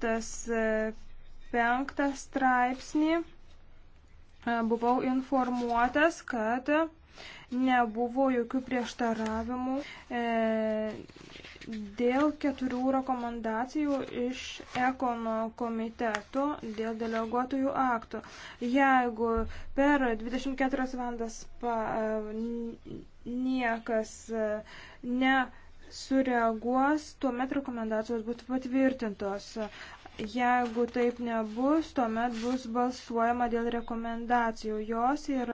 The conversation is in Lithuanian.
105 straipsnį e, buvau informuotas, kad nebuvo jokių prieštaravimų e, dėl keturių rekomendacijų iš ekono komiteto dėl deleguotojų aktų. Jeigu per 24 valandas niekas e, ne sureaguos, tuomet rekomendacijos būtų patvirtintos. Jeigu taip nebus, tuomet bus balsuojama dėl rekomendacijų. Jos yra